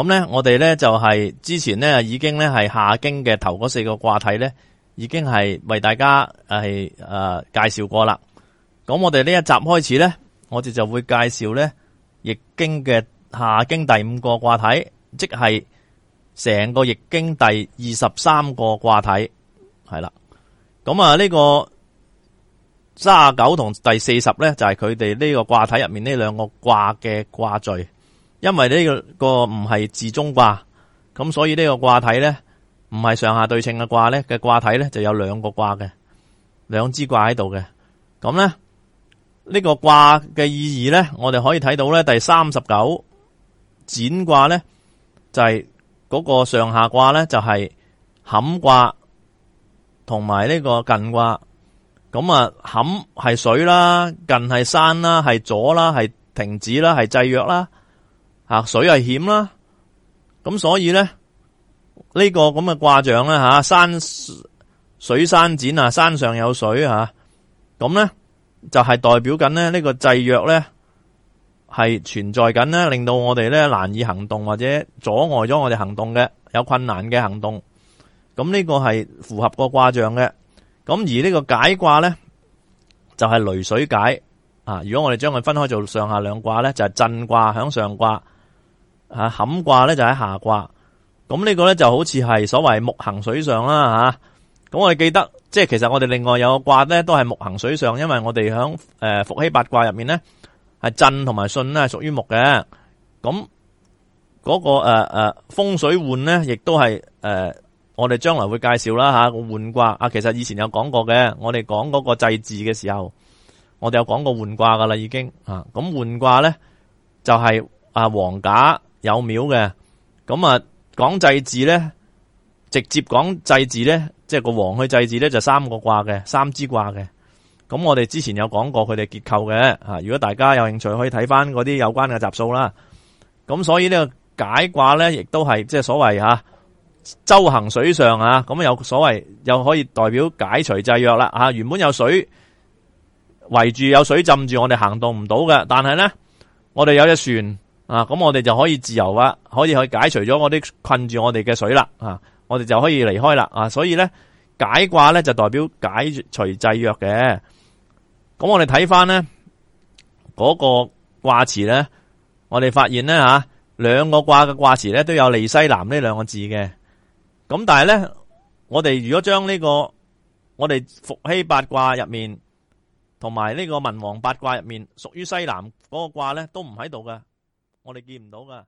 咁咧，我哋咧就係之前咧已經咧係夏經嘅頭嗰四個卦體咧，已經係為大家係誒、呃、介紹過啦。咁我哋呢一集開始咧，我哋就會介紹咧易經嘅夏經第五個卦體，即係成個易經第二十三個卦體，係啦。咁啊呢個三十九同第四十咧，就係佢哋呢個卦體入面呢兩個卦嘅卦序。因為呢個個唔係字中卦，咁所以呢個卦體咧唔係上下對稱嘅卦咧嘅卦體咧就有兩個卦嘅，兩支卦喺度嘅。咁咧呢、這個卦嘅意義咧，我哋可以睇到咧，第三十九蹇卦咧就係、是、嗰個上下卦咧就係坎卦，同埋呢個艮卦。咁啊，坎係水啦，艮係山啦，係阻啦，係停止啦，係制約啦。啊，水係險啦，咁所以呢，呢個咁嘅卦象咧，吓，山水山蹇啊，山上有水吓，咁呢就係代表緊咧呢個制約呢係存在緊呢，令到我哋呢難以行動，或者阻礙咗我哋行動嘅，有困難嘅行動，咁呢個係符合個卦象嘅，咁而呢個解卦呢，就係雷水解啊，如果我哋將佢分開做上下兩卦呢，就係震卦響上卦。啊坎卦咧就喺下卦，咁呢個咧就好似係所謂木行水上啦吓。咁我哋記得，即係其實我哋另外有個卦咧都係木行水上，因為我哋響誒伏羲八卦入面咧係震同埋巽咧係屬於木嘅。咁嗰個誒誒風水換咧，亦都係誒我哋將來會介紹啦吓。換卦啊，其實以前有講過嘅，我哋講嗰個祭祀嘅時候，我哋有講過換卦噶啦已經啊。咁換卦咧就係啊黃甲，有廟嘅，咁啊講祭祀呢，直接講祭祀呢，即係個王去祭祀呢，就是、三個卦嘅，三支卦嘅。咁、嗯、我哋之前有講過佢哋結構嘅，啊，如果大家有興趣可以睇翻嗰啲有關嘅集數啦。咁、嗯、所以呢個解卦呢，亦都係即係所謂吓、啊、周行水上啊，咁、嗯、有所謂又可以代表解除制約啦。啊，原本有水圍住，有水浸住我哋行動唔到嘅，但係呢，我哋有隻船。啊，咁我哋就可以自由啊，可以去解除咗我啲困住我哋嘅水啦。啊，我哋就可以離開啦。啊，所以咧解卦咧就代表解除制約嘅。咁、啊、我哋睇翻咧嗰個卦詞咧，我哋發現咧吓兩個卦嘅卦詞咧都有利西南呢兩個字嘅。咁、啊、但係咧，我哋如果將呢、這個我哋伏羲八卦入面，同埋呢個文王八卦入面，屬於西南嗰個卦咧都唔喺度㗎。我哋見唔到噶。